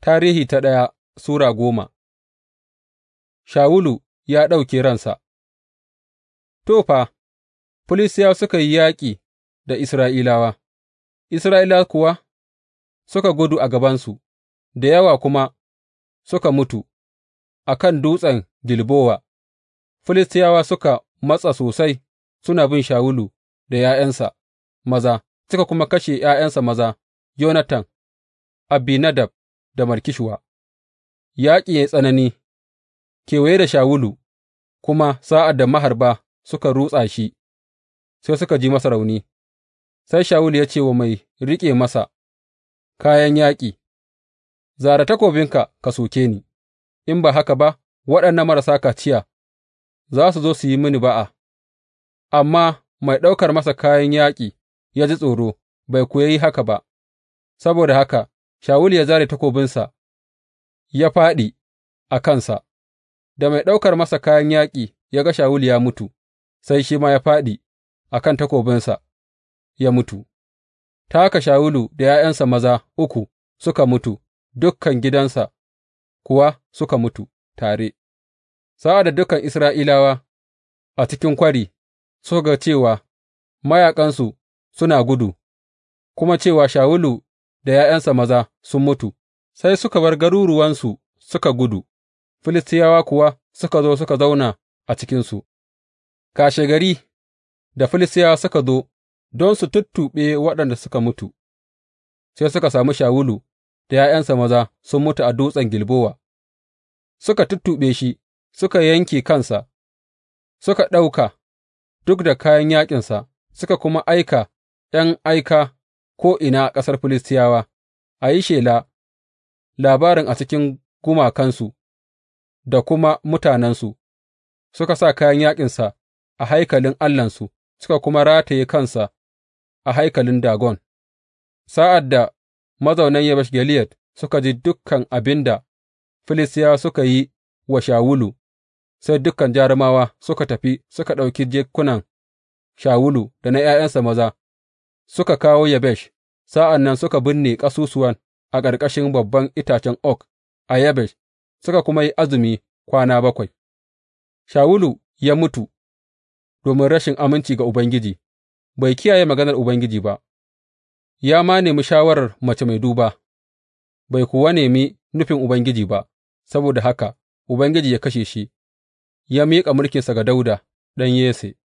Tarihi ta ɗaya Sura goma Shawulu ya ɗauke ransa To, fa, Filistiyawa suka yi yaƙi da Isra'ilawa, Isra'ilawa kuwa suka gudu a gabansu, da yawa kuma suka mutu a kan dutsen Gilbowa, Filistiyawa suka matsa sosai suna bin Shawulu da ’ya'yansa maza, suka kuma kashe ’ya'yansa maza, Yonatan, Abinadab. da Malkishuwa, yaƙi ya yi tsanani kewaye da Shawulu, kuma sa'ad da maharba suka rutsa shi, sai suka ji masa rauni, sai Shawulu ya ce wa mai riƙe masa kayan yaƙi, Zara takobinka ka soke ni, in ba haka ba, waɗannan marasa kaciya za su zo su yi mini ba'a, amma mai ɗaukar masa kayan yaƙi ya ji tsoro, bai kuwa yi haka ba, saboda haka Shawulu ya zare takobinsa ya fāɗi a kansa, da mai ɗaukar masa kayan yaƙi ya ga Shawulu ya mutu, sai shi ma ya fāɗi a kan takobinsa ya mutu, ta haka Shawulu da ’ya'yansa maza uku suka mutu, dukkan gidansa kuwa suka mutu tare, sa'ad da dukan Isra'ilawa a cikin kwari suka ga cewa mayaƙansu suna gudu, kuma cewa Shawulu. da ’ya'yansa maza sun mutu, sai suka bar garuruwansu suka gudu, Filistiyawa kuwa suka zo suka zauna a cikinsu. Kashegari da Filistiyawa suka zo don su tuttuɓe waɗanda suka mutu, sai suka sami Shawulu da ’ya'yansa maza sun mutu a dutsen Gilbowa, suka tuttuɓe shi, suka yanke kansa, suka ɗauka duk da kayan yaƙinsa, suka kuma aika ’yan aika ko'ina a ƙasar Filistiyawa, a yi shela labarin a cikin gumakansu da kuma mutanensu, suka sa kayan yaƙinsa a haikalin Allahnsu, suka kuma rataye kansa a haikalin Dagon. Sa'ad da mazaunan Yabesh Gileyad suka ji dukkan abin da Filistiyawa suka yi wa Shawulu, sai dukan jarumawa suka tafi suka ɗauki jikunan Shawulu da na ’ya'yansa maza suka kawo Yabesh. Sa'an nan suka binne ƙasusuwan a ƙarƙashin babban itacen oak a Yabesh, suka kuma yi azumi kwana bakwai, Shawulu ya mutu domin rashin aminci ga Ubangiji, bai kiyaye maganar Ubangiji ba, ya ma nemi shawarar mace mai duba, bai kuwa nemi nufin Ubangiji ba, saboda haka Ubangiji ya kashe shi, ya miƙa mulkinsa ga Dawuda ɗan Yesse.